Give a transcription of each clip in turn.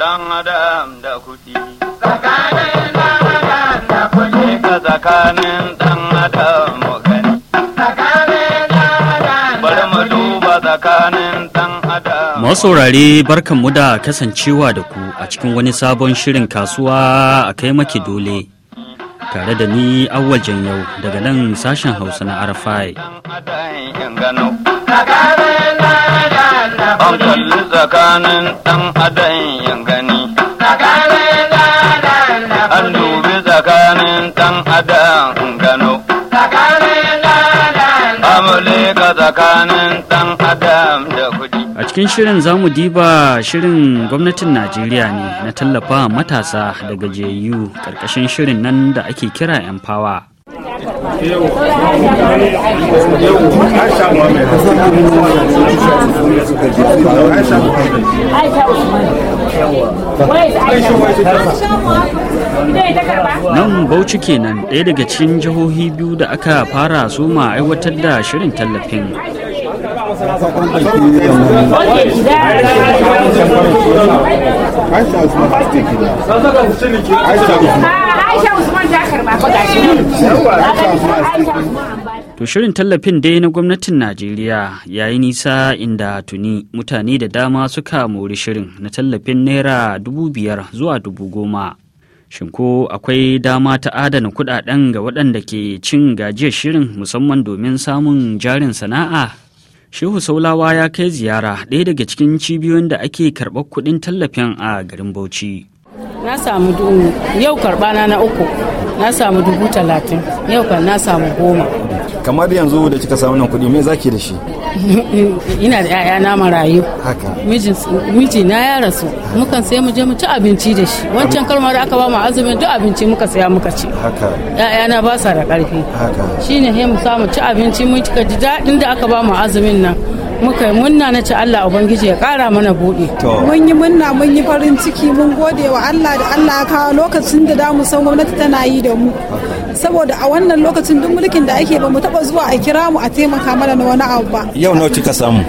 Dan adam da kuɗi. Tsakanin dan adam da kuɗi. Ka tsakanin dan adam mu gani. Tsakanin dan adam Bari mu duba tsakanin dan adam. Masaurare barkan mu da kasancewa da ku a cikin wani sabon shirin kasuwa a kai maki dole. Tare da ni awwal yau daga nan sashen Hausa na Arafai. Tsakanin dan an kalli tsakanin ɗan adam gani an dubi tsakanin ɗan adam gano amurka tsakanin ɗan adam da kudi. a cikin shirin zamu diba shirin gwamnatin najeriya ne na tallafa matasa da gajiyayyu ƙarƙashin shirin nan da ake kira yan fawa Nan Bauchi kenan ɗaya daga cikin jihohi biyu da aka fara suma aiwatar da shirin tallafin. Aisha Usman ta karba gashi. To shirin tallafin dai na gwamnatin Najeriya ya yi nisa inda tuni mutane da dama suka mori shirin na tallafin naira dubu biyar zuwa dubu goma. shinko akwai dama ta adana kudaden ga waɗanda ke cin gajiyar shirin musamman domin samun jarin sana'a? Shehu Saulawa ya kai ziyara ɗaya daga cikin cibiyoyin da ake karɓar kuɗin tallafin a garin Bauchi. Na samu dubu mm, yau karɓa na uku na samu dubu talatin yau kan na samu goma. Kamar yanzu da kika samu nan kuɗi me zaki da shi? Ina da 'ya'ya na marayu. Haka. Miji na ya rasu. Mukan sai mu je mu ci abinci da shi. Wancan kalmar da aka ba mu azumin duk abinci muka saya muka ci. Haka. 'Ya'ya na ba sa da ƙarfi. Haka. Shine he mu samu ci abinci mun cika ji daɗin da aka ba mu azumin nan. muka munna na ci Allah ubangiji ya kara mana buɗe mun yi munna mun yi farin ciki mun gode wa Allah da Allah ya kawo lokacin da za mu san gwamnati tana yi da mu saboda a wannan lokacin duk mulkin da ake ba mu taba zuwa a kira mu a taimaka mana na wani abu ba yau nawa kika samu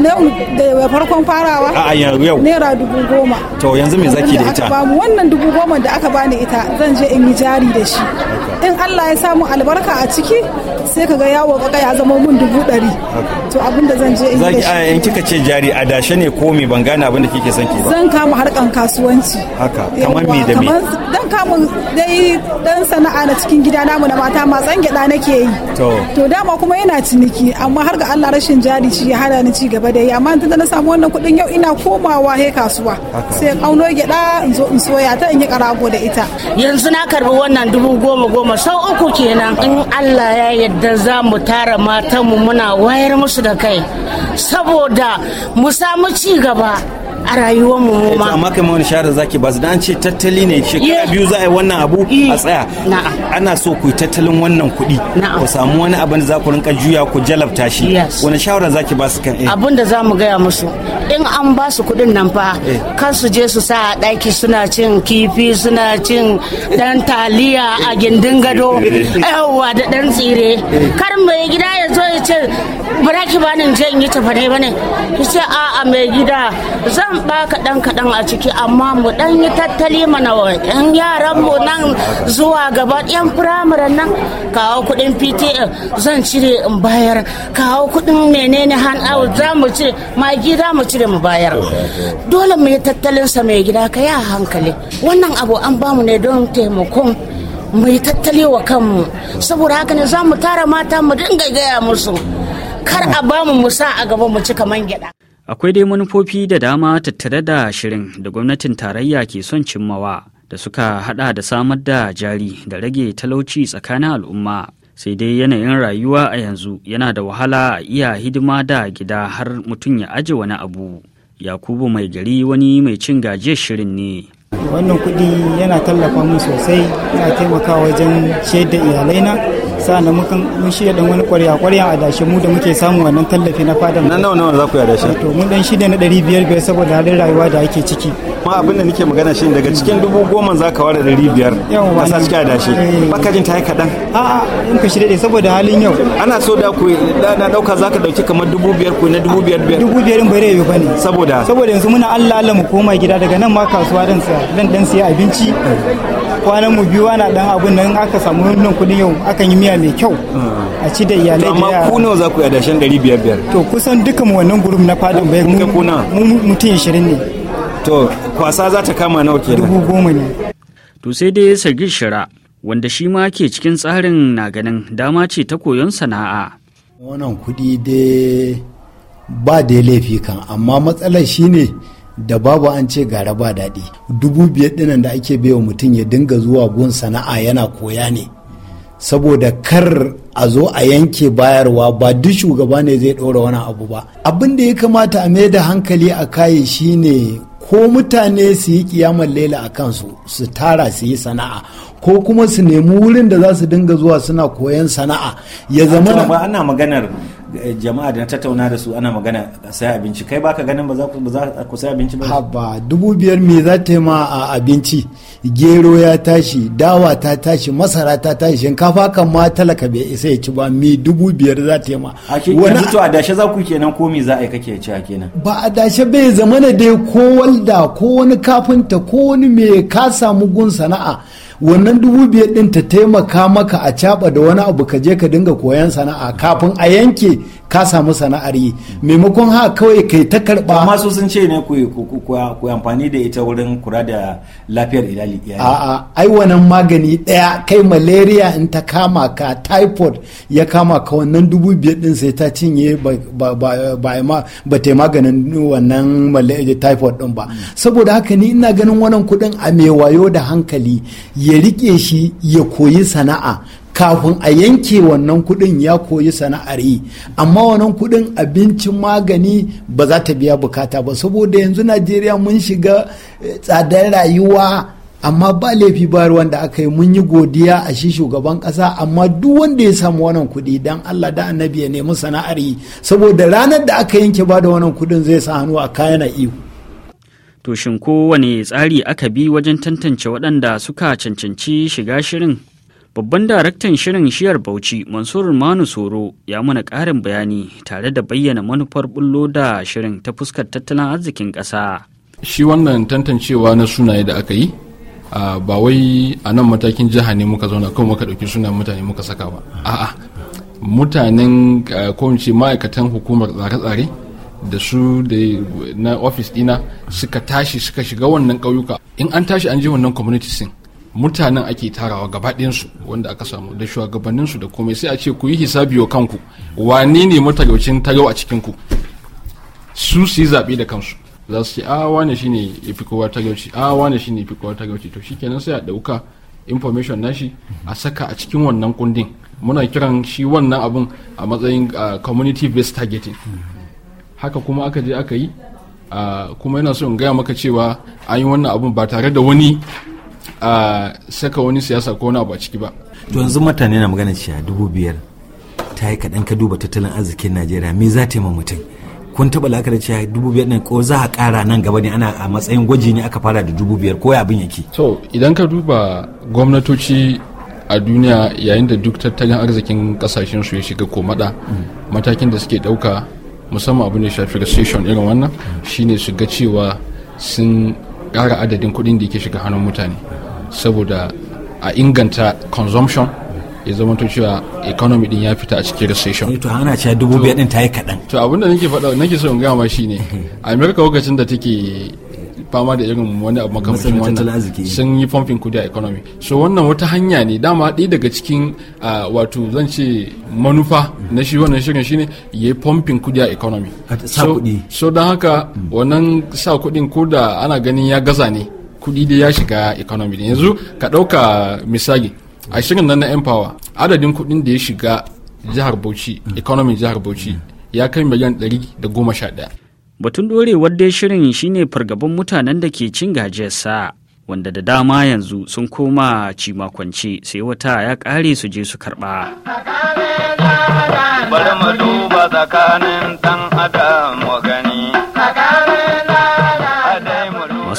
da farkon farawa a yanzu yau naira dubu goma to yanzu me zaki da ita ba mu wannan dubu goma da aka bani ita zan je in yi jari da shi in Allah ya samu albarka a ciki sai ka ga yawo ga ya zama mun dubu ɗari to abinda zan je in yi da shi in kika ce jari a dashe ne ko me ban gane abin da kike son ki ba zan kama harkan kasuwanci haka kamar me da me dan kama dai dan sana'a na cikin gida namu na mata matsan gyada nake yi to dama kuma yana ciniki amma har ga Allah rashin jari shi ya hana ni ci gaba da yi amma tun da na samu wannan kudin yau ina komawa he kasuwa sai kauno gyada in zo in soya ta in yi karago da ita yanzu na karbi wannan dubu goma goma sau uku kenan in Allah ya yarda za mu tara matanmu muna wayar musu da kai saboda mu samu ci gaba a rayuwar mu eh, ma amma kamar wani shahara zaki ba su dan ce tattali ne shekara biyu za a yi wannan abu a eh, tsaya ana so ku yi tattalin wannan kuɗi ku samu wani abin da za ku rinka juya ku jalabta shi wani shawara zaki ba su kan eh? abin da za mu gaya musu in an ba su kuɗin nan fa kan su je su sa a ɗaki suna cin kifi suna cin dan taliya a gindin gado yawwa da dan tsire kar mai gida ya zo ya ce ba ki ba nan je in yi tafare ba ne ki ce a'a mai gida za dan ba kaɗan kaɗan a ciki amma mu dan yi tattali mana wa yan yaran mu nan zuwa gaba yan firamare nan kawo kuɗin PTA zan cire in bayar kawo kuɗin menene hand out za mu cire magi za mu cire mu bayar dole mu yi tattalin sa mai gida ka ya hankali wannan abu an bamu ne don taimakon mu yi tattali wa kanmu saboda haka ne za mu tara mata mu dinga gaya musu kar a bamu mu sa a gaba mu ci kaman gyaɗa. Akwai dai manufofi da dama tattare da shirin da gwamnatin tarayya ke son cimmawa da suka hada da samar da jari da rage talauci tsakanin al'umma. Sai dai yanayin rayuwa a yanzu yana da wahala a iya hidima da gida har mutum ya aje wani abu. Yakubu mai gari wani mai cin gajiyar shirin ne. Wannan kudi yana tallafa min sosai, yana taimakawa wajen shaida iyalaina na mukan mun shirya dan wani kwarya kwarya a dashe mu da muke samu wannan tallafi na fadan nan nawa nawa za ku yi dashe to mun dan shirya na 500 saboda halin rayuwa da ake ciki ma abin da nake magana shi daga cikin dubu goma za ka ware 500 biyar ka sa cikin adashi eh. baka jin ta yi kaɗan a'a in ka shirya saboda halin yau ana so da ku na ɗauka za ka ɗauki kamar dubu biyar ku na dubu biyar biyar dubu biyar bare yau bane saboda saboda yanzu muna allah allah mu koma gida daga nan ma kasuwa dan siya dan dan sai abinci eh. kwanan mu biyu ana dan abun nan aka samu wannan kudin yau akan yi miya mai kyau hmm. a ci da iyalai da yara. ku nawa za ku yi adashen ɗari biyar biyar. to kusan dukkan wannan gurum na fadin bai mu mutum 20 ne. to kwasa za ta kama nawa kenan. dubu goma ne. to sai dai sargin shira wanda shi ma ke cikin tsarin na ganin dama ce ta koyon sana'a. wannan kuɗi dai ba da laifi kan amma matsalar shine da babu an ce gara ba daɗi dubu biyar ɗinan da ake baiwa mutum ya dinga zuwa gun sana'a yana koya ne saboda kar a zo a yanke bayarwa ba duk shugaba ne zai ɗora wani abu ba abin da ya kamata a mai da hankali a kayi shine ko mutane su yi kiyamar laila a kansu su tara su yi sana'a ko kuma su nemi wurin da za su dinga zuwa suna koyon sana'a ya zama ana maganar Eh, jama'a da na tattauna da su ana magana a sai abinci kai baka ganin ba za ku sai abinci ba ba dubu biyar me za ta yi ma a abinci gero ya tashi dawa ta tashi masara ta tashi shinkafa kan ma talaka bai isa ya ci ba me dubu biyar za ta yi ma wani to a dashe za ku kenan ko me za a yi kake ci a kenan ba a dashe bai zama na dai ko walda ko wani kafinta ko wani me ka samu gun sana'a wannan dubu biyar din ta taimaka maka a caba da wani abu ka je ka dinga koyan sana'a kafin a yanke ka samu sana'ar yi maimakon ha kawai kai ta karba amma su sun ce ne ku amfani da ita wurin kura da lafiyar iyali a'a ai wannan magani daya kai malaria in ta kama ka typhoid ya kama ka wannan dubu biyar din sai ta cinye ba ba ta maganin wannan malaria typhoid din ba saboda haka ni ina ganin wannan kuɗin a mai wayo da hankali ya rike shi ya koyi sana'a kafin a yanke wannan kuɗin ya koyi sana'ar yi amma wannan kuɗin abincin magani ba za ta biya bukata ba saboda yanzu najeriya mun shiga eh, tsadar rayuwa amma ba laifi ba wanda aka yi mun yi godiya a shi shugaban kasa amma duk wanda ya samu wannan kuɗi dan Allah da annabi ya nemi sana'ar yi saboda ranar da aka yanke ba da wannan kuɗin zai sa hannu a kayan iko. To shin kowane tsari aka bi wajen tantance waɗanda suka cancanci shiga shirin? Babban daraktan shirin shiyar Bauchi Mansur Manu Soro ya mana ƙarin bayani tare da bayyana manufar bullo da shirin ta fuskar tattalin arzikin ƙasa. Shi wannan tantancewa na sunaye da aka yi, ba wai a nan matakin jiha ne muka zauna kawai muka ɗauki sunan mutane muka saka ba. A'a, mutanen ko ma'aikatan hukumar tsare-tsare da su da na ofis dina suka tashi suka shiga wannan kauyuka. in an tashi an je wannan community sin mutanen ake tarawa gaba su wanda aka samu da shugabanninsu da komai sai a ce ku yi hisabi wa kanku wane ne matalaucin yau a cikinku su su yi zaɓe da kansu za su ce a ah, wane shi ne ya fi kowa gauci a ah, wane shi ne ya fi kowa gauci to shikenan sai a ɗauka information nashi a saka a cikin wannan kundin muna kiran shi wannan abun a matsayin ah, community based targeting haka kuma aka je aka yi kuma yana so in gaya maka cewa an yi wannan abun ba tare da wani saka wani siyasa ko wani abu a ciki ba to yanzu mutane na magana cewa dubu biyar ta yi kaɗan ka duba tattalin arzikin najeriya me za ta yi mutum kun taɓa la'akari cewa dubu biyar ne ko za a ƙara nan gaba ne ana a matsayin gwaji ne aka fara da dubu biyar ko abin yake to idan ka duba gwamnatoci a duniya yayin da duk tattalin arzikin kasashen su ya shiga komada mm. matakin da suke ɗauka musamman abin da shafi recession irin wannan shine su ga cewa sun ƙara adadin kuɗin da ke shiga hannun mutane saboda a inganta consumption ya zama to cewa economy din ya fita a cikin recession. to ana cewa dubu biyar din ta yi kaɗan. to abin da nake faɗa nake so in gama shi ne america lokacin da take fama da irin wani abu makamashin wannan sun yi pumping kudi a economy so wannan wata hanya ne dama ɗaya daga cikin wato zan ce manufa na shi wannan shirin shine ya yi pumping kudi a economy so don haka wannan sa kudin ko da ana ganin ya gaza ne kudi da ya shiga economy yanzu ka ɗauka misali a shirin nan na empower adadin kudin da ya shiga jihar bauchi economy jihar bauchi ya kai miliyan ɗaya Batun ɗorewar dai shirin shine fargaban mutanen da ke cin gajiyarsa, wanda da dama yanzu sun koma ci sai wata ya kare su je su karba. Bari mu duba tsakanin ɗan adam wa gani.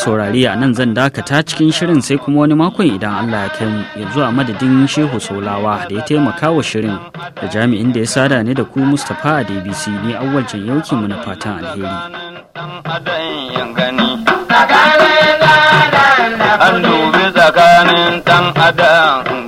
saurari a nan zan dakata cikin shirin sai kuma wani makon idan Allah ya kai mu yanzu a madadin Shehu Solawa da ya taimaka wa shirin da jami'in da ya sada ne da ku Mustapha a DBC ne awwal yauki mu na fatan alheri. An dubi tsakanin dan adam